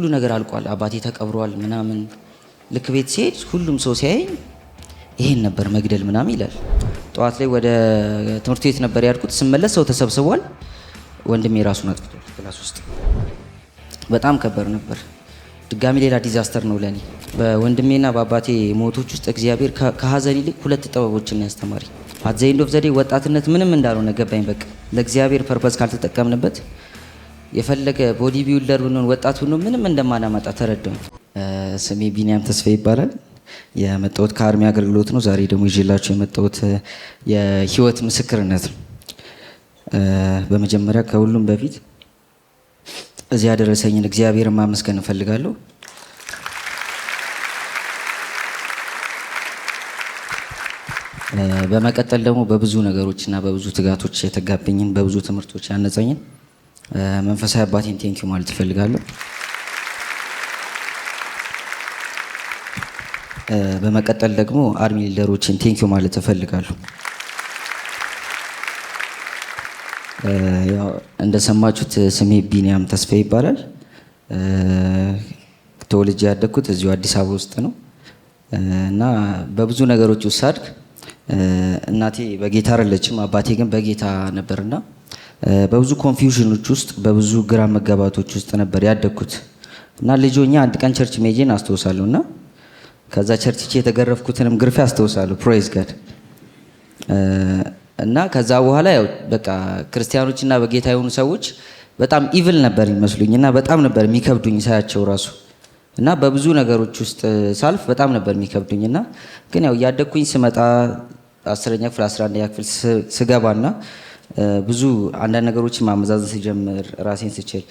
ሁሉ ነገር አልቋል። አባቴ ተቀብሯል ምናምን። ልክ ቤት ሲሄድ ሁሉም ሰው ሲያየኝ ይሄን ነበር መግደል ምናምን ይላል። ጠዋት ላይ ወደ ትምህርት ቤት ነበር ያድኩት። ስመለስ ሰው ተሰብስቧል። ወንድሜ ራሱን አጥፍቷል ክላስ ውስጥ። በጣም ከበር ነበር። ድጋሚ ሌላ ዲዛስተር ነው ለኔ። በወንድሜና በአባቴ ሞቶች ውስጥ እግዚአብሔር ከሀዘን ይልቅ ሁለት ጥበቦችን ያስተማሪ። አዘይንዶፍ ዘዴ ወጣትነት ምንም እንዳልሆነ ገባኝ። በቃ ለእግዚአብሔር ፐርፐዝ ካልተጠቀምንበት የፈለገ ቦዲ ቢውልደር ብንሆን ወጣት ብንሆን ምንም እንደማናመጣ ተረዳሁ። ስሜ ቢኒያም ተስፋ ይባላል። የመጣሁት ከአርሚ አገልግሎት ነው። ዛሬ ደግሞ ይዤላቸው የመጣሁት የህይወት ምስክርነት ነው። በመጀመሪያ ከሁሉም በፊት እዚ ያደረሰኝን እግዚአብሔርን ማመስገን እንፈልጋለሁ በመቀጠል ደግሞ በብዙ ነገሮች እና በብዙ ትጋቶች የተጋበኝን በብዙ ትምህርቶች ያነጸኝን መንፈሳዊ አባቴን ቴንኪዩ ማለት እፈልጋለሁ። በመቀጠል ደግሞ አርሚ ሊደሮችን ቴንኪዩ ማለት እፈልጋለሁ። እንደሰማችሁት ስሜ ቢኒያም ተስፋ ይባላል። ተወልጄ ያደግኩት እዚሁ አዲስ አበባ ውስጥ ነው እና በብዙ ነገሮች ውስጥ ሳድግ እናቴ በጌታ አይደለችም፣ አባቴ ግን በጌታ ነበርና በብዙ ኮንፊውዥኖች ውስጥ በብዙ ግራ መጋባቶች ውስጥ ነበር ያደግኩት እና ልጆኛ አንድ ቀን ቸርች ሜጄን አስታውሳለሁ እና ከዛ ቸርች የተገረፍኩትንም ግርፌ አስታውሳለሁ። ፕሮይዝ ጋድ እና ከዛ በኋላ ያው በቃ ክርስቲያኖችና በጌታ የሆኑ ሰዎች በጣም ኢቭል ነበር ይመስሉኝ እና በጣም ነበር የሚከብዱኝ ሳያቸው ራሱ እና በብዙ ነገሮች ውስጥ ሳልፍ በጣም ነበር የሚከብዱኝ እና ግን ያው እያደግኩኝ ስመጣ አስረኛ ክፍል አስራ አንደኛ ክፍል ና። ብዙ አንዳንድ ነገሮችን ማመዛዘን ስጀምር ራሴን ስችል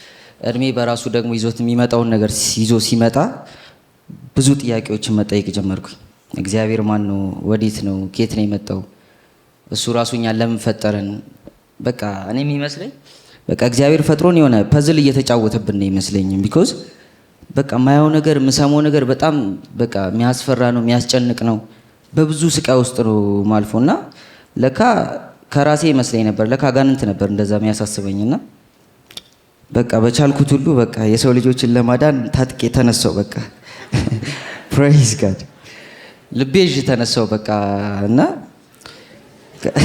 እድሜ በራሱ ደግሞ ይዞት የሚመጣውን ነገር ይዞ ሲመጣ ብዙ ጥያቄዎችን መጠየቅ ጀመርኩኝ። እግዚአብሔር ማን ነው? ወዴት ነው? ኬት ነው የመጣው? እሱ ራሱ እኛን ለምን ፈጠረን? በቃ እኔ የሚመስለኝ በቃ እግዚአብሔር ፈጥሮን የሆነ ፐዝል እየተጫወተብን ነው ይመስለኝም። ቢኮዝ በቃ ማየው ነገር የምሰማው ነገር በጣም በቃ የሚያስፈራ ነው፣ የሚያስጨንቅ ነው። በብዙ ስቃይ ውስጥ ነው ማልፎ እና ለካ ከራሴ ይመስለኝ ነበር ለካጋንንት ነበር እንደዛ የሚያሳስበኝና በቃ በቻልኩት ሁሉ በቃ የሰው ልጆችን ለማዳን ታጥቄ ተነሳው። በቃ ፕሬዝ ጋድ ልቤ ይዤ ተነሳው። በቃ እና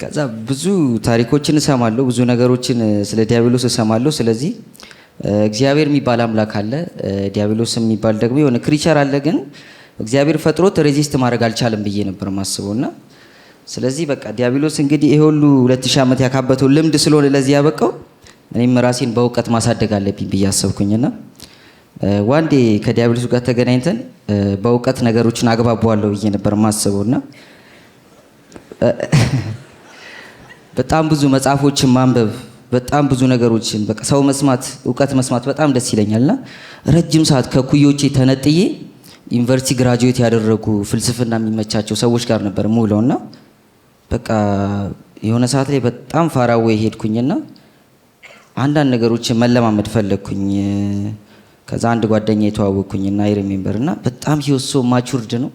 ከዛ ብዙ ታሪኮችን እሰማለሁ፣ ብዙ ነገሮችን ስለ ዲያብሎስ እሰማለሁ። ስለዚህ እግዚአብሔር የሚባል አምላክ አለ፣ ዲያብሎስ የሚባል ደግሞ የሆነ ክሪቸር አለ ግን እግዚአብሔር ፈጥሮት ሬዚስት ማድረግ አልቻለም ብዬ ነበር ማስበው እና ስለዚህ በቃ ዲያብሎስ እንግዲህ ይሄ ሁሉ 2000 ሺህ ዓመት ያካበተው ልምድ ስለሆነ ለዚህ ያበቀው እኔም ራሴን በእውቀት ማሳደግ አለብኝ ብዬ አሰብኩኝና ዋንዴ ከዲያብሎስ ጋር ተገናኝተን በእውቀት ነገሮችን አግባቧለሁ ብዬ ነበር ማስበውና በጣም ብዙ መጽሐፎችን ማንበብ በጣም ብዙ ነገሮችን በቃ ሰው መስማት እውቀት መስማት በጣም ደስ ይለኛልና ረጅም ሰዓት ከኩዮቼ ተነጥዬ ዩኒቨርሲቲ ግራጁዌት ያደረጉ ፍልስፍና የሚመቻቸው ሰዎች ጋር ነበር ሙለውና እና በቃ የሆነ ሰዓት ላይ በጣም ፋራዌ ሄድኩኝና አንዳንድ ነገሮች መለማመድ ፈለግኩኝ። ከዛ አንድ ጓደኛ የተዋወቅኩኝና አይ ሪሜምበር እና በጣም ህይወት ሰው ማቹርድ ነው።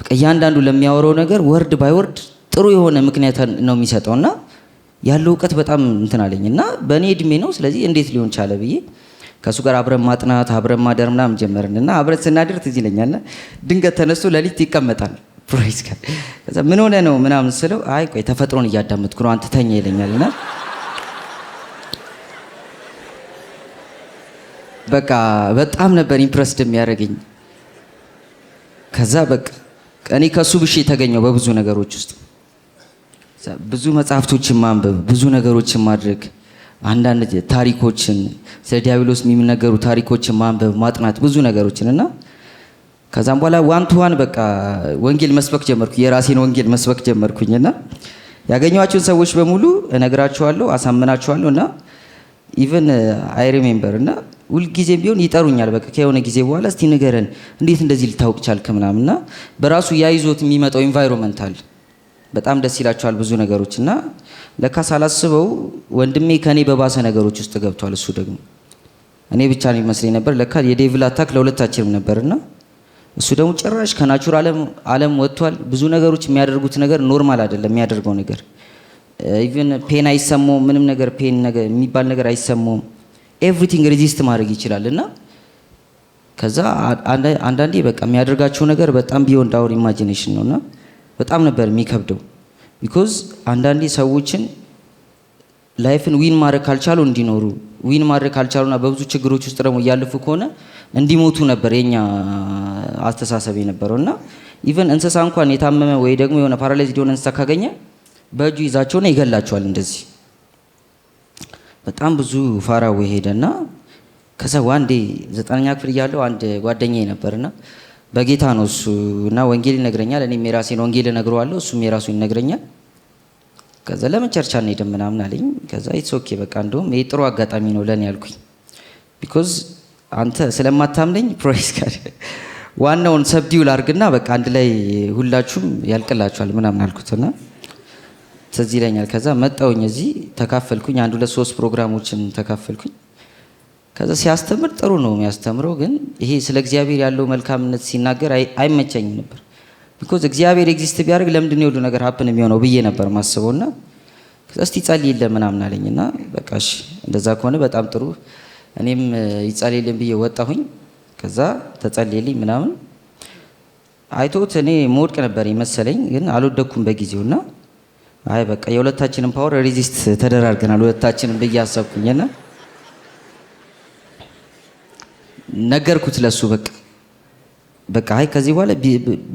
በቃ እያንዳንዱ ለሚያወራው ነገር ወርድ ባይ ወርድ ጥሩ የሆነ ምክንያት ነው የሚሰጠው እና ያለው እውቀት በጣም እንትን አለኝ እና በእኔ እድሜ ነው። ስለዚህ እንዴት ሊሆን ቻለ ብዬ ከእሱ ጋር አብረን ማጥናት አብረን ማደር ምናምን ጀመርን እና አብረን ስናድር ትዝ ይለኛልና ድንገት ተነስቶ ለሊት ይቀመጣል ፕራይስ ጋር ከዛ ምን ሆነ ነው ምናምን ስለው አይ ቆይ ተፈጥሮን እያዳመጥኩ ነው አንተ ተኛ ይለኛልና በቃ በጣም ነበር ኢምፕረስድ የሚያደርገኝ። ከዛ በቃ እኔ ከሱ ብሽ የተገኘው በብዙ ነገሮች ውስጥ ብዙ መጽሐፍቶችን ማንበብ፣ ብዙ ነገሮችን ማድረግ አንዳንድ ታሪኮችን ስለ ዲያብሎስ የሚነገሩ ታሪኮችን ማንበብ ማጥናት ብዙ ነገሮችን እና ከዛም በኋላ ዋን ቱ ዋን በቃ ወንጌል መስበክ ጀመርኩ። የራሴን ወንጌል መስበክ ጀመርኩኝ እና ያገኘኋቸውን ሰዎች በሙሉ እነግራቸዋለሁ፣ አሳምናቸዋለሁ እና ኢቨን አይ ሪሜምበር እና ሁልጊዜም ቢሆን ይጠሩኛል። በቃ ከሆነ ጊዜ በኋላ እስቲ ንገረን እንዴት እንደዚህ ልታውቅ ቻልክ ምናምን እና በራሱ ያይዞት የሚመጣው ኢንቫይሮንመንት አለ በጣም ደስ ይላቸዋል ብዙ ነገሮች እና ለካ ሳላስበው ወንድሜ ከኔ በባሰ ነገሮች ውስጥ ገብቷል። እሱ ደግሞ እኔ ብቻ ነው ይመስለኝ ነበር። ለካ የዴቪል አታክ ለሁለታችንም እና እሱ ደግሞ ጭራሽ ከናቹራል ዓለም ወጥቷል። ብዙ ነገሮች የሚያደርጉት ነገር ኖርማል አይደለም። የሚያደርገው ነገር ኢቨን ፔን አይሰማውም። ምንም ነገር ፔን ነገር የሚባል ነገር አይሰማውም። ኤቭሪቲንግ ሬዚስት ማድረግ ይችላል እና ከዛ አንዳንዴ በቃ የሚያደርጋቸው ነገር በጣም ቢዮንድ አወር ኢማጂኔሽን ነውና በጣም ነበር የሚከብደው። ቢኮዝ አንዳንዴ ሰዎችን ላይፍን ዊን ማድረግ ካልቻሉ እንዲኖሩ ዊን ማድረግ ካልቻሉና በብዙ ችግሮች ውስጥ ደግሞ እያለፉ ከሆነ እንዲሞቱ ነበር የኛ አስተሳሰብ የነበረው እና ኢቨን እንስሳ እንኳን የታመመ ወይ ደግሞ የሆነ ፓራላይዝ ሊሆነ እንስሳ ካገኘ በእጁ ይዛቸውና ይገላቸዋል። እንደዚህ በጣም ብዙ ፋራዌ ሄደና ከዛ ዋንዴ ዘጠነኛ ክፍል እያለው አንድ ጓደኛዬ ነበርና በጌታ ነው እሱ እና ወንጌል ይነግረኛል። እኔም የራሴን ወንጌል እነግረዋለሁ፣ እሱም የራሱ ይነግረኛል። ከዛ ለምን ቸርች አንሄድም ምናምን አለኝ። ከዛ ኢትስ ኦኬ በቃ እንደውም ይሄ ጥሩ አጋጣሚ ነው ለእኔ ያልኩኝ። ቢኮዝ አንተ ስለማታምነኝ ፕሮይስ ጋር ዋናውን ሰብዲው ላርግና በቃ አንድ ላይ ሁላችሁም ያልቅላችኋል ምናምን አልኩትና ትዝ ይለኛል። ከዛ መጣውኝ እዚህ ተካፈልኩኝ። አንድ ሁለት ሶስት ፕሮግራሞችን ተካፈልኩኝ። ከዛ ሲያስተምር ጥሩ ነው የሚያስተምረው፣ ግን ይሄ ስለ እግዚአብሔር ያለው መልካምነት ሲናገር አይመቸኝ ነበር። ቢኮዝ እግዚአብሔር ኤግዚስት ቢያደርግ ለምንድን ነው ሁሉ ነገር ሀፕን የሚሆነው ብዬ ነበር ማስበው ከዛ እስቲ ጸልይልን ምናምን አለኝ እና በቃሽ፣ እንደዛ ከሆነ በጣም ጥሩ እኔም ይጸልይልን ብዬ ወጣሁኝ። ከዛ ተጸልይልኝ ምናምን አይቶት እኔ መውደቅ ነበር መሰለኝ፣ ግን አልወደኩም በጊዜውና አይ በቃ የሁለታችንን ፓወር ሬዚስት ተደራርገናል ሁለታችንን ብዬ አሰብኩኝና ነገርኩት ለሱ በቃ በቃ አይ ከዚህ በኋላ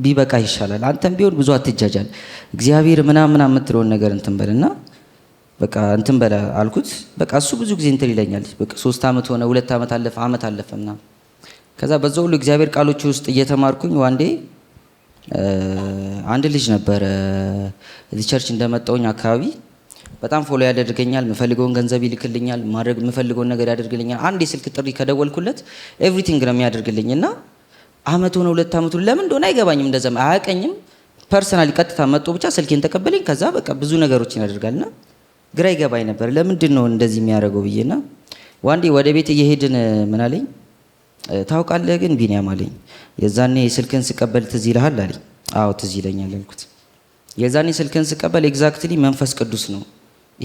ቢበቃ ይሻላል። አንተም ቢሆን ብዙ አትጃጃል። እግዚአብሔር ምናምን ምናምን የምትለውን ነገር እንትን በልና በቃ እንትን በለ አልኩት። በቃ እሱ ብዙ ጊዜ እንትን ይለኛል። በቃ ሶስት አመት ሆነ፣ ሁለት አመት አለፈ፣ አመት አለፈ ምናምን። ከዛ በዛ ሁሉ እግዚአብሔር ቃሎች ውስጥ እየተማርኩኝ ዋንዴ አንድ ልጅ ነበረ እዚህ ቸርች እንደመጣውኝ አካባቢ በጣም ፎሎ ያደርገኛል፣ የምፈልገውን ገንዘብ ይልክልኛል፣ ማድረግ የምፈልገውን ነገር ያደርግልኛል። አንድ የስልክ ጥሪ ከደወልኩለት ኤቭሪቲንግ ነው የሚያደርግልኝ እና አመት ሆነ ሁለት አመቱ ለምን እንደሆነ አይገባኝም፣ እንደዛ አያቀኝም። ፐርሰናሊ ቀጥታ መጥቶ ብቻ ስልኬን ተቀበለኝ። ከዛ በቃ ብዙ ነገሮችን ያደርጋልና ግራ ይገባኝ ነበር ለምንድን ነው እንደዚህ የሚያደርገው ብዬና ዋንዴ ወደ ቤት እየሄድን ምን አለኝ ታውቃለህ ግን ቢኒያም አለኝ የዛኔ ስልክን ስቀበል ትዝ ይልሃል አለኝ። አዎ ትዝ ይለኛል አልኩት። የዛኔ ስልክን ስቀበል ኤግዛክትሊ መንፈስ ቅዱስ ነው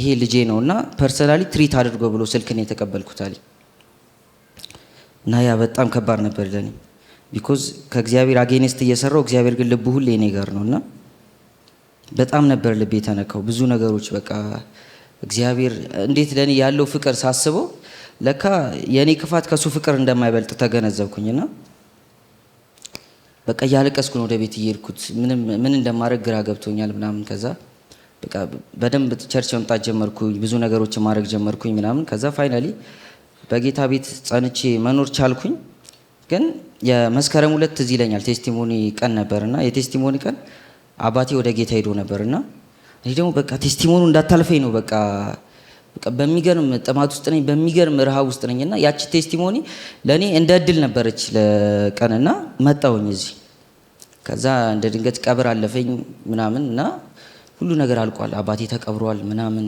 ይሄ ልጄ ነው እና ፐርሰናሊ ትሪት አድርጎ ብሎ ስልክን የተቀበልኩት አለኝ እና ያ በጣም ከባድ ነበር ለኔ ቢኮዝ ከእግዚአብሔር አጌንስት እየሰራው እግዚአብሔር ግን ልቡ ሁሌ እኔ ጋር ነው እና በጣም ነበር ልቤ የተነካው። ብዙ ነገሮች በቃ እግዚአብሔር እንዴት ለእኔ ያለው ፍቅር ሳስበው ለካ የእኔ ክፋት ከእሱ ፍቅር እንደማይበልጥ ና በቃ እያለቀስኩን ወደ ቤት እየሄድኩት። ምን እንደማድረግ ግራ ገብቶኛል ምናምን ከዛ በቃ በደንብ ቸርች መምጣት ጀመርኩኝ። ብዙ ነገሮች ማድረግ ጀመርኩኝ ምናምን። ከዛ ፋይናሊ በጌታ ቤት ጸንቼ መኖር ቻልኩኝ። ግን የመስከረም ሁለት እዚህ ይለኛል ቴስቲሞኒ ቀን ነበርና የቴስቲሞኒ ቀን አባቴ ወደ ጌታ ሄዶ ነበርና እኔ ደግሞ በቃ ቴስቲሞኑ እንዳታልፈኝ ነው በቃ በሚገርም ጥማት ውስጥ ነኝ፣ በሚገርም ረሃብ ውስጥ ነኝ። እና ያቺ ቴስቲሞኒ ለእኔ እንደ እድል ነበረች ለቀን እና መጣውኝ እዚህ። ከዛ እንደ ድንገት ቀብር አለፈኝ ምናምን እና ሁሉ ነገር አልቋል፣ አባቴ ተቀብሯል ምናምን።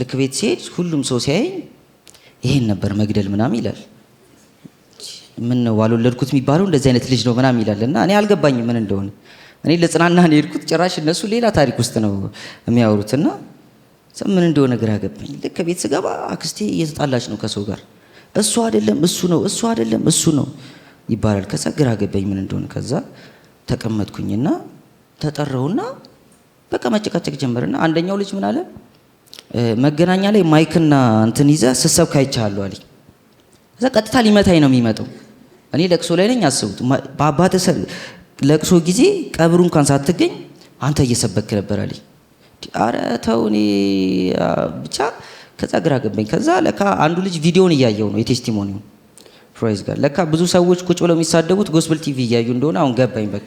ልክ ቤት ሲሄድ ሁሉም ሰው ሲያየኝ ይሄን ነበር መግደል ምናምን ይላል። ምን ነው አልወለድኩት የሚባለው እንደዚህ አይነት ልጅ ነው ምናምን ይላል። እና እኔ አልገባኝም ምን እንደሆነ። እኔ ለጽናና ነው የሄድኩት፣ ጭራሽ እነሱ ሌላ ታሪክ ውስጥ ነው የሚያወሩት። እና ምን እንደሆነ ግራ ገባኝ። ልክ ቤት ስገባ አክስቴ እየተጣላች ነው ከሰው ጋር። እሱ አይደለም እሱ ነው፣ እሱ አይደለም እሱ ነው ይባላል። ከዛ ግራ ገባኝ ምን እንደሆነ። ከዛ ተቀመጥኩኝና ተጠረውና በቃ መጨቃጨቅ ጀመርና አንደኛው ልጅ ምን አለ መገናኛ ላይ ማይክና እንትን ይዘ ስትሰብክ አይቻለሁ አለ እዛ ቀጥታ ሊመታኝ ነው የሚመጣው። እኔ ለቅሶ ላይ ነኝ። አስቡት፣ በአባተ ለቅሶ ጊዜ ቀብሩ እንኳን ሳትገኝ አንተ እየሰበክ ነበር አለ አረ ተው እኔ ብቻ። ከዛ ግራ ገባኝ። ከዛ ለካ አንዱ ልጅ ቪዲዮን እያየው ነው የቴስቲሞኒውን ፕራይዝ ጋር ለካ ብዙ ሰዎች ቁጭ ብለው የሚሳደቡት ጎስፕል ቲቪ እያዩ እንደሆነ አሁን ገባኝ በቃ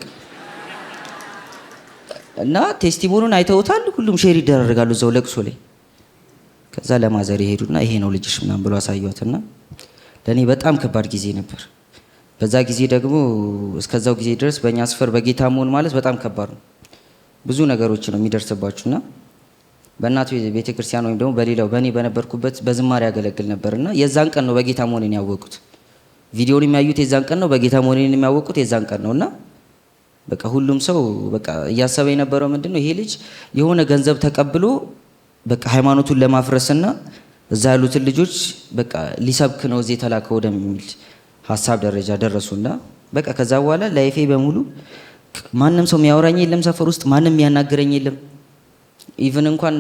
እና ቴስቲሞኑን አይተውታል። ሁሉም ሼር ይደረጋሉ እዛው ለቅሶ ላይ። ከዛ ለማዘር ይሄዱና ይሄ ነው ልጅሽ ምናም ብሎ አሳዩትና ለእኔ በጣም ከባድ ጊዜ ነበር። በዛ ጊዜ ደግሞ እስከዛው ጊዜ ድረስ በእኛ ስፈር በጌታ መሆን ማለት በጣም ከባድ ነው። ብዙ ነገሮች ነው የሚደርስባችሁና በእናቱ ቤተ ክርስቲያን ወይም ደግሞ በሌላው በእኔ በነበርኩበት በዝማሬ ያገለግል እና የዛን ቀን ነው በጌታ መሆኔን ያወቁት። ቪዲዮን የሚያዩት የዛን ቀን ነው። በጌታ መሆኔን የሚያወቁት የዛን ቀን ነውና በቃ ሁሉም ሰው በቃ እያሰበ የነበረው ምንድን ነው ይሄ ልጅ የሆነ ገንዘብ ተቀብሎ በቃ ሃይማኖቱን ለማፍረስና እዛ ያሉትን ልጆች በቃ ሊሰብክ ነው እዚህ የተላከ ወደሚል ሀሳብ ደረጃ ደረሱና በቃ ከዛ በኋላ ላይፌ በሙሉ ማንም ሰው የሚያወራኝ የለም፣ ሰፈር ውስጥ ማንም የሚያናግረኝ የለም። ኢቨን እንኳን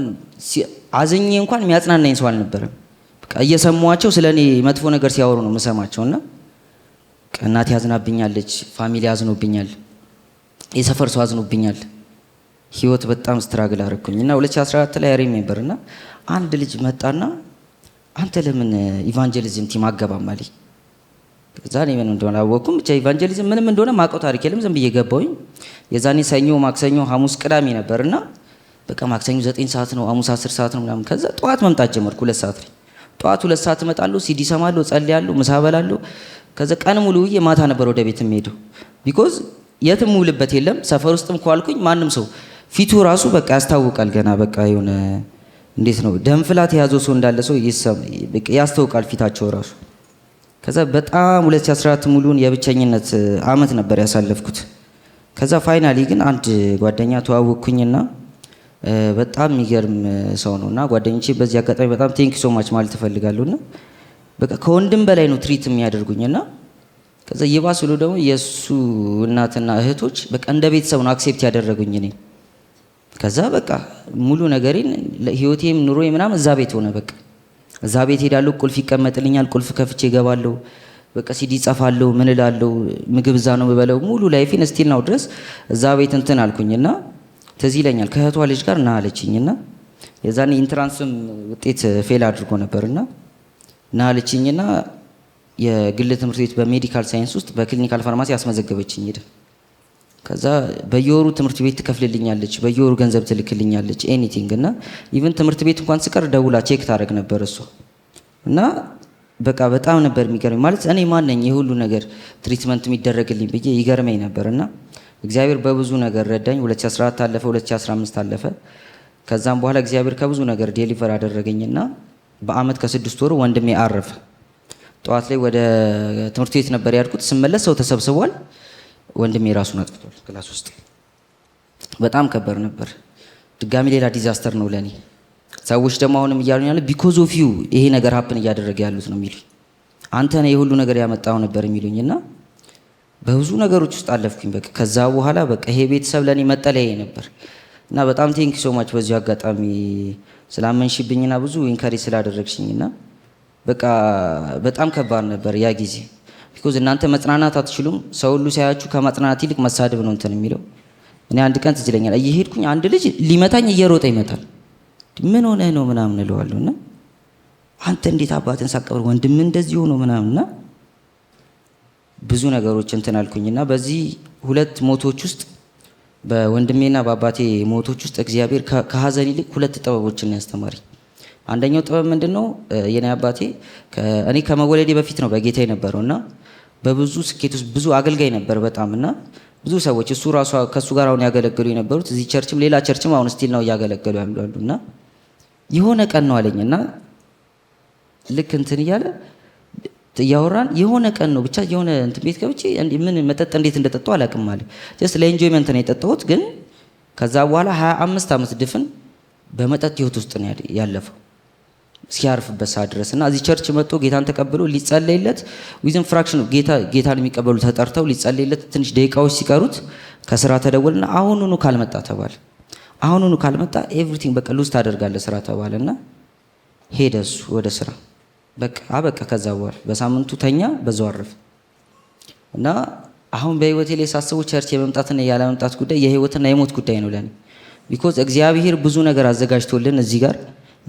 አዝኜ እንኳን የሚያጽናናኝ ሰው አልነበረም። በቃ እየሰሟቸው ስለ እኔ መጥፎ ነገር ሲያወሩ ነው የምሰማቸውና እናቴ ያዝናብኛለች፣ ፋሚሊ ያዝኖብኛል የሰፈር ሰው አዝኖብኛል። ህይወት በጣም ስትራግል አረኩኝ እና 2014 ላይ ያሬም ነበር እና አንድ ልጅ መጣና አንተ ለምን ኢቫንጀሊዝም ቲም አገባም አለኝ። ከዛ ምን እንደሆነ አወቅኩም። ብቻ ኢቫንጀሊዝም ምንም እንደሆነ ማውቀው ታሪክ የለም። ዝም ብዬ ገባሁኝ። የዛኔ ሰኞ፣ ማክሰኞ፣ ሐሙስ፣ ቅዳሜ ነበር እና በቃ ማክሰኞ ዘጠኝ ሰዓት ነው፣ ሐሙስ አስር ሰዓት ነው ምናምን። ከዛ ጠዋት መምጣት ጀመርኩ። ሁለት ሰዓት ላይ ጠዋት ሁለት ሰዓት እመጣለሁ፣ ሲዲ ሰማለሁ፣ ጸልያለሁ፣ ምሳ በላለሁ። ከዛ ቀን ሙሉ ውዬ ማታ ነበር ወደ ቤት የምሄደው ቢኮዝ የትም ውልበት የለም። ሰፈር ውስጥም ከዋልኩኝ ማንም ሰው ፊቱ ራሱ በቃ ያስታውቃል። ገና በቃ የሆነ እንዴት ነው ደንፍላት የያዘው ሰው እንዳለ ሰው ያስታውቃል ፊታቸው ራሱ። ከዛ በጣም 2014 ሙሉን የብቸኝነት አመት ነበር ያሳለፍኩት። ከዛ ፋይናሊ ግን አንድ ጓደኛ ተዋወቅኩኝና በጣም የሚገርም ሰው ነው እና ጓደኞቼ በዚህ አጋጣሚ በጣም ቴንክ ሶ ማች ማለት እፈልጋለሁ። እና በቃ ከወንድም በላይ ነው ትሪት የሚያደርጉኝ እና ከዛ ይባስ ብሎ ደግሞ የእሱ እናትና እህቶች በቃ እንደ ቤተሰብ ነው አክሴፕት ያደረጉኝ እኔ ከዛ በቃ ሙሉ ነገሬን ህይወቴም ኑሮዬ ምናምን እዛ ቤት ሆነ። በቃ እዛ ቤት ሄዳለሁ፣ ቁልፍ ይቀመጥልኛል፣ ቁልፍ ከፍቼ እገባለሁ። በቃ ሲዲ ጸፋለሁ፣ ምን እላለሁ፣ ምግብ እዛ ነው የምበለው። ሙሉ ላይፌን እስቲል ነው ድረስ እዛ ቤት እንትን አልኩኝና ትዝ ይለኛል ከእህቷ ልጅ ጋር ና አለችኝና የዛኔ ኢንትራንስም ውጤት ፌል አድርጎ ነበርና ና አለችኝና የግል ትምህርት ቤት በሜዲካል ሳይንስ ውስጥ በክሊኒካል ፋርማሲ አስመዘገበችኝ። ሄደ ከዛ በየወሩ ትምህርት ቤት ትከፍልልኛለች፣ በየወሩ ገንዘብ ትልክልኛለች። ኤኒቲንግ እና ኢቨን ትምህርት ቤት እንኳን ስቀር ደውላ ቼክ ታደረግ ነበር እሷ እና በቃ በጣም ነበር የሚገርመኝ። ማለት እኔ ማነኝ የሁሉ ነገር ትሪትመንት የሚደረግልኝ ብዬ ይገርመኝ ነበር እና እግዚአብሔር በብዙ ነገር ረዳኝ። 2014 አለፈ፣ 2015 አለፈ። ከዛም በኋላ እግዚአብሔር ከብዙ ነገር ዴሊቨር አደረገኝና በአመት ከስድስት ወሩ ወንድሜ አረፈ። ጠዋት ላይ ወደ ትምህርት ቤት ነበር ያድኩት። ስመለስ ሰው ተሰብስቧል። ወንድሜ ራሱን አጥፍቷል ክላስ ውስጥ። በጣም ከበር ነበር። ድጋሚ ሌላ ዲዛስተር ነው ለእኔ። ሰዎች ደግሞ አሁንም እያሉ ያለ ቢኮዝ ኦፍ ዩ ይሄ ነገር ሀፕን እያደረገ ያሉት ነው የሚሉኝ። አንተ ነህ የሁሉ ነገር ያመጣው ነበር የሚሉኝ እና በብዙ ነገሮች ውስጥ አለፍኩኝ። በቃ ከዛ በኋላ በቃ ይሄ ቤተሰብ ለእኔ መጠለያ ነበር እና በጣም ቴንክ ሶማች በዚሁ አጋጣሚ ስላመንሽብኝና ብዙ ኢንካሬጅ ስላደረግሽኝና በቃ በጣም ከባድ ነበር ያ ጊዜ። ቢኮዝ እናንተ መጽናናት አትችሉም። ሰው ሁሉ ሲያያችሁ ከመጽናናት ይልቅ መሳደብ ነው እንትን የሚለው። እኔ አንድ ቀን ትዝ ይለኛል እየሄድኩኝ አንድ ልጅ ሊመታኝ እየሮጠ ይመጣል። ምን ሆነ ነው ምናምን እለዋለሁ እና አንተ እንዴት አባትን ሳቀብር ወንድም እንደዚህ ሆኖ ምናምን እና ብዙ ነገሮች እንትን አልኩኝና በዚህ ሁለት ሞቶች ውስጥ በወንድሜና በአባቴ ሞቶች ውስጥ እግዚአብሔር ከሀዘን ይልቅ ሁለት ጥበቦችን ያስተማሪ። አንደኛው ጥበብ ምንድን ነው? የኔ አባቴ እኔ ከመወለዴ በፊት ነው በጌታ የነበረው እና በብዙ ስኬት ውስጥ ብዙ አገልጋይ ነበር በጣም እና ብዙ ሰዎች እሱ ራሱ ከእሱ ጋር አሁን ያገለገሉ የነበሩት እዚህ ቸርችም ሌላ ቸርችም አሁን ስቲል ነው እያገለገሉ ያሉ እና የሆነ ቀን ነው አለኝ እና ልክ እንትን እያለ እያወራን የሆነ ቀን ነው ብቻ የሆነ እንትን ቤት ገብቼ ምን መጠጥ እንዴት እንደጠጣሁ አላውቅም አለ። ጀስት ለኤንጆይመንት ነው የጠጣሁት። ግን ከዛ በኋላ ሀያ አምስት ዓመት ድፍን በመጠጥ ህይወት ውስጥ ነው ያለፈው። እስኪያርፍበት ሰዓት ድረስ እና እዚህ ቸርች መጥቶ ጌታን ተቀብሎ ሊጸለይለት ዊዝን ፍራክሽን ጌታ ጌታን የሚቀበሉ ተጠርተው ሊጸለይለት ትንሽ ደቂቃዎች ሲቀሩት ከስራ ተደወልና አሁኑኑ ካልመጣ ተባለ። አሁኑኑ ካልመጣ ኤቭሪቲንግ በቃ ሉዝ ታደርጋለህ ስራ ተባለና እና ሄደ እሱ ወደ ስራ በቃ አበቃ። ከዛ በኋላ በሳምንቱ ተኛ፣ በዛው አረፈ እና አሁን በህይወቴ ላይ ሳስበው ቸርች የመምጣትና ያለመምጣት ጉዳይ የህይወትና የሞት ጉዳይ ነው ለኔ ቢኮዝ እግዚአብሔር ብዙ ነገር አዘጋጅቶልን እዚህ ጋር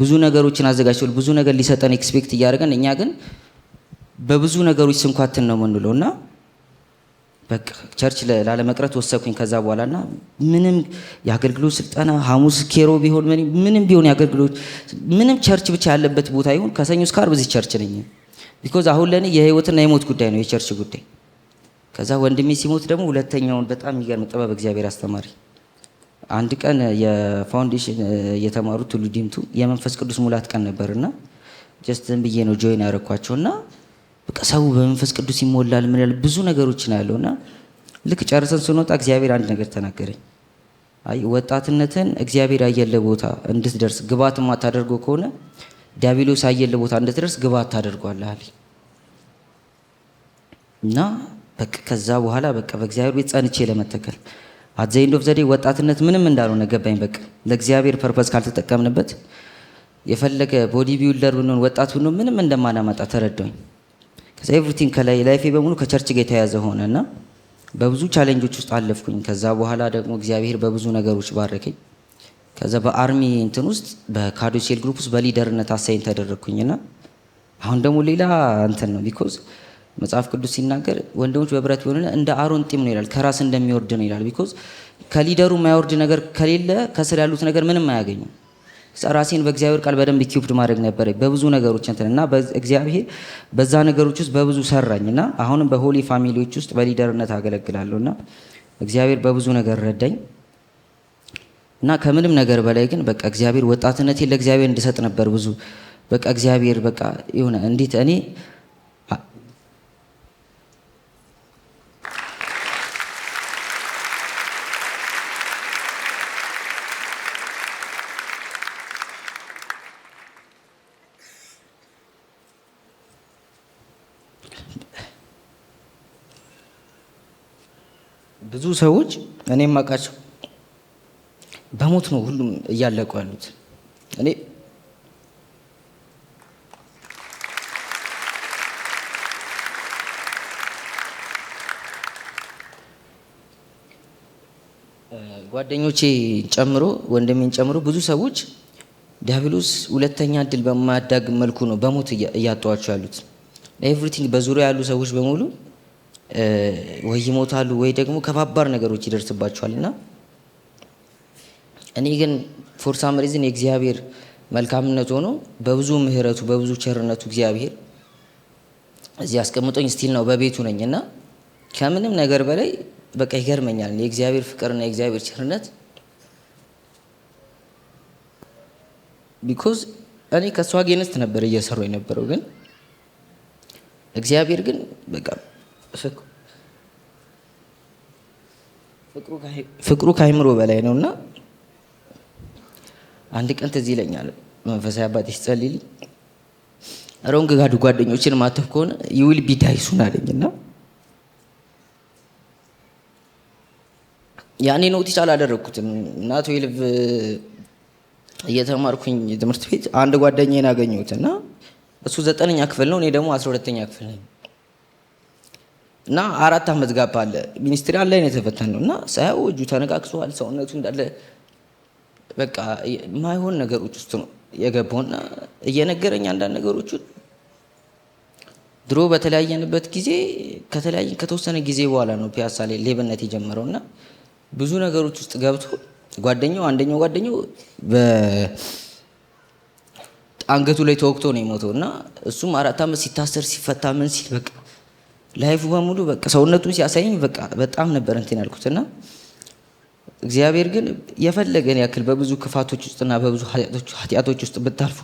ብዙ ነገሮችን አዘጋጅቷል። ብዙ ነገር ሊሰጠን ኤክስፔክት እያደረገን እኛ ግን በብዙ ነገሮች ስንኳትን ነው የምንለው እና በቃ ቸርች ላለመቅረት ወሰንኩኝ። ከዛ በኋላ እና ምንም የአገልግሎት ስልጠና ሐሙስ ኬሮ ቢሆን ምንም ቢሆን የአገልግሎት ምንም ቸርች ብቻ ያለበት ቦታ ይሁን ከሰኞ እስከ ዓርብ እዚህ ቸርች ነኝ። ቢኮዝ አሁን ለእኔ የህይወትና የሞት ጉዳይ ነው የቸርች ጉዳይ። ከዛ ወንድሜ ሲሞት ደግሞ ሁለተኛውን በጣም የሚገርም ጥበብ እግዚአብሔር አስተማሪ አንድ ቀን የፋውንዴሽን የተማሩ ትሉዲምቱ የመንፈስ ቅዱስ ሙላት ቀን ነበርና ጀስት ዝም ብዬ ነው ጆይን ያደረኳቸው እና በቃ ሰው በመንፈስ ቅዱስ ይሞላል ምን ያል ብዙ ነገሮች ነው ያለውና ልክ ጨርሰን ስንወጣ እግዚአብሔር አንድ ነገር ተናገረኝ። አይ ወጣትነትን እግዚአብሔር አየለ ቦታ እንድትደርስ ግባት ማታደርገው ከሆነ ዲያብሎስ አየለ ቦታ እንድትደርስ ግባት ታደርጓለህ አለኝ እና በቃ ከዛ በኋላ በቃ በእግዚአብሔር ቤት ጸንቼ ለመተከል አት ዘ ወጣትነት ምንም እንዳልሆነ ገባኝ። በቃ ለእግዚአብሔር ፐርፐዝ ካልተጠቀምንበት የፈለገ ቦዲ ቢውልደር ብንሆን ወጣት ብንሆን ምንም እንደማናመጣ ተረዳኝ። ከዛ ኤቭሪቲንግ ከላይ ላይፌ በሙሉ ከቸርች ጋር የተያዘ ሆነ እና በብዙ ቻሌንጆች ውስጥ አለፍኩኝ። ከዛ በኋላ ደግሞ እግዚአብሔር በብዙ ነገሮች ባረከኝ። ከዛ በአርሚ እንትን ውስጥ በካዶሴል ግሩፕ ውስጥ በሊደርነት አሳይን ተደረግኩኝና አሁን ደግሞ ሌላ እንትን ነው ቢኮዝ መጽሐፍ ቅዱስ ሲናገር ወንድሞች በብረት ቢሆንነ እንደ አሮን ጢም ነው ይላል። ከራስ እንደሚወርድ ነው ይላል። ቢኮዝ ከሊደሩ የማይወርድ ነገር ከሌለ ከስር ያሉት ነገር ምንም አያገኙም። ራሴን በእግዚአብሔር ቃል በደንብ ኢኩፕድ ማድረግ ነበረ በብዙ ነገሮች እንትን እና እግዚአብሔር በዛ ነገሮች ውስጥ በብዙ ሰራኝ እና አሁንም በሆሊ ፋሚሊዎች ውስጥ በሊደርነት አገለግላለሁ እና እግዚአብሔር በብዙ ነገር ረዳኝ እና ከምንም ነገር በላይ ግን በቃ እግዚአብሔር ወጣትነቴ ለእግዚአብሔር እንድሰጥ ነበር ብዙ በቃ እግዚአብሔር በቃ የሆነ እንዴት እኔ ብዙ ሰዎች እኔ የማውቃቸው በሞት ነው ሁሉም እያለቁ ያሉት። እኔ ጓደኞቼ ጨምሮ ወንድሜን ጨምሮ ብዙ ሰዎች ዲያብሎስ ሁለተኛ እድል በማያዳግም መልኩ ነው በሞት እያጧቸው ያሉት። ኤቭሪቲንግ በዙሪያ ያሉ ሰዎች በሙሉ ወይ ይሞታሉ ወይ ደግሞ ከባባር ነገሮች ይደርስባቸዋል እና እኔ ግን ፎር ሳም ሪዝን የእግዚአብሔር መልካምነት ሆኖ በብዙ ምህረቱ በብዙ ቸርነቱ እግዚአብሔር እዚህ አስቀምጦኝ ስቲል ነው በቤቱ ነኝ እና ከምንም ነገር በላይ በቃ ይገርመኛል የእግዚአብሔር ፍቅርና የእግዚአብሔር ቸርነት ቢኮዝ እኔ ከእሷ ጌነስት ነበር እየሰሩ የነበረው ግን እግዚአብሔር ግን በቃ ፍቅሩ ከአይምሮ በላይ ነው እና አንድ ቀን ትዝ ይለኛል መንፈሳዊ አባት ይስጸልል ሮንግ ጋዱ ጓደኞችን ማተፍ ከሆነ ይውል ቢዳይሱን አለኝ አለኝና ያኔ ኖቲስ አላደረግኩትም እና ትዌልቭ እየተማርኩኝ ትምህርት ቤት አንድ ጓደኛ አገኘሁት እና እሱ ዘጠነኛ ክፍል ነው እኔ ደግሞ አስራ ሁለተኛ ክፍል ነኝ እና አራት ዓመት ጋፕ አለ። ሚኒስትሪያል ላይ ነው የተፈተን እና ሳያው እጁ ተነቃቅሷል። ሰውነቱ እንዳለ በቃ ማይሆን ነገሮች ውስጥ ነው የገባውና እየነገረኝ አንዳንድ ነገሮቹ ድሮ በተለያየንበት ጊዜ ከተለያየ ከተወሰነ ጊዜ በኋላ ነው ፒያሳ ላይ ሌብነት የጀመረው እና ብዙ ነገሮች ውስጥ ገብቶ ጓደኛው አንደኛው ጓደኛው አንገቱ ላይ ተወግቶ ነው የሞተው እና እሱም አራት ዓመት ሲታሰር ሲፈታ ምን ሲል በቃ ላይፉ በሙሉ በቃ ሰውነቱን ሲያሳይኝ በቃ በጣም ነበር እንትን ያልኩት እና እግዚአብሔር ግን የፈለገን ያክል በብዙ ክፋቶች ውስጥና በብዙ ኃጢአቶች ውስጥ ብታልፉ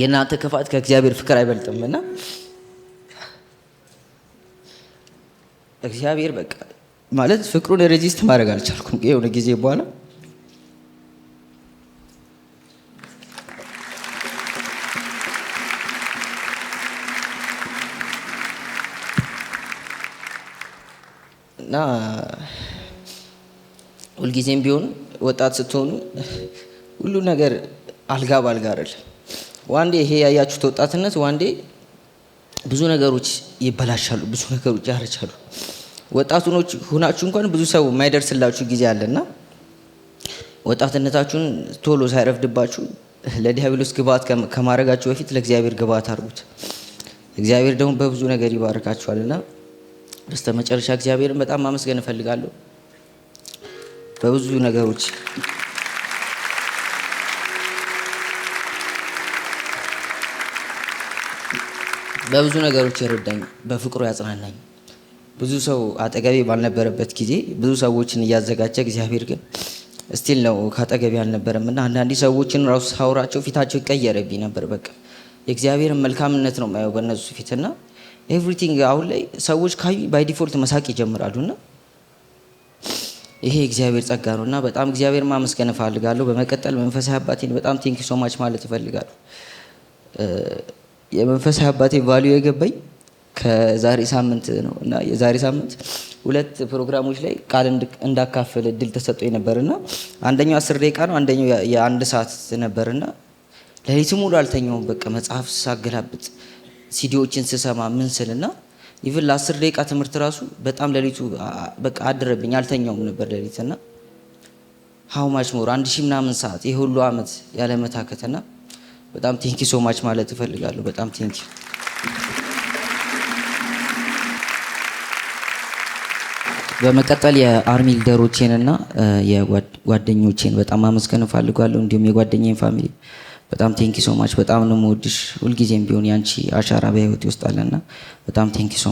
የእናንተ ክፋት ከእግዚአብሔር ፍቅር አይበልጥም እና እግዚአብሔር በቃ ማለት ፍቅሩን ሬጂስት ማድረግ አልቻልኩም የሆነ ጊዜ በኋላ እና ሁልጊዜም ቢሆን ወጣት ስትሆኑ ሁሉ ነገር አልጋ ባልጋ አይደለም። ዋንዴ ይሄ ያያችሁት ወጣትነት ዋንዴ ብዙ ነገሮች ይበላሻሉ፣ ብዙ ነገሮች ያረቻሉ። ወጣቱኖች ሁናችሁ እንኳን ብዙ ሰው የማይደርስላችሁ ጊዜ አለና ወጣትነታችሁን ቶሎ ሳይረፍድባችሁ ለዲያብሎስ ግባት ከማድረጋችሁ በፊት ለእግዚአብሔር ግባት አድርጉት። እግዚአብሔር ደግሞ በብዙ ነገር ይባርካችኋልና በስተ መጨረሻ እግዚአብሔርን በጣም ማመስገን እፈልጋለሁ። በብዙ ነገሮች በብዙ ነገሮች የረዳኝ፣ በፍቅሩ ያጽናናኝ ብዙ ሰው አጠገቤ ባልነበረበት ጊዜ ብዙ ሰዎችን እያዘጋጀ እግዚአብሔር ግን ስቲል ነው ከአጠገቤ አልነበረም እና አንዳንዴ ሰዎችን ራሱ ሳውራቸው ፊታቸው ይቀየረብኝ ነበር። በቃ የእግዚአብሔርን መልካምነት ነው ማየው በእነሱ ፊትና ኤቭሪቲንግ አሁን ላይ ሰዎች ካዩ ባይ ዲፎልት መሳቅ ይጀምራሉ። እና ይሄ እግዚአብሔር ጸጋ ነው እና በጣም እግዚአብሔር ማመስገን እፈልጋለሁ። በመቀጠል መንፈሳዊ አባቴን በጣም ቴንክ ሶ ማች ማለት እፈልጋለሁ። የመንፈሳዊ አባቴ ቫሊዩ የገባኝ ከዛሬ ሳምንት ነው እና የዛሬ ሳምንት ሁለት ፕሮግራሞች ላይ ቃል እንዳካፍል እድል ተሰጦኝ ነበር እና አንደኛው አስር ደቂቃ ነው፣ አንደኛው የአንድ ሰዓት ነበር እና ሌሊቱ ሙሉ አልተኛውም። በቃ መጽሐፍ ሳገላብጥ ሲዲዎችን ስሰማ ምን ስል ና ኢቭን ለአስር ደቂቃ ትምህርት ራሱ በጣም ሌሊቱ በቃ አድረብኝ አልተኛውም ነበር ሌሊት ና ሀው ማች ሞር አንድ ሺ ምናምን ሰዓት ይህ ሁሉ አመት ና በጣም ቴንኪ ሶ ማች ማለት እፈልጋለሁ። በጣም ቴንኪ በመቀጠል የአርሚ ሊደሮቼን ሊደሮቼንና የጓደኞቼን በጣም አመስገን እፈልጋለሁ። እንዲሁም የጓደኛን ፋሚሊ በጣም ቴንኪ ሶማች በጣም ነው የምወድሽ። ሁልጊዜም ቢሆን ያንቺ አሻራ በህይወት ውስጥ በጣም ቴንኪ ሶ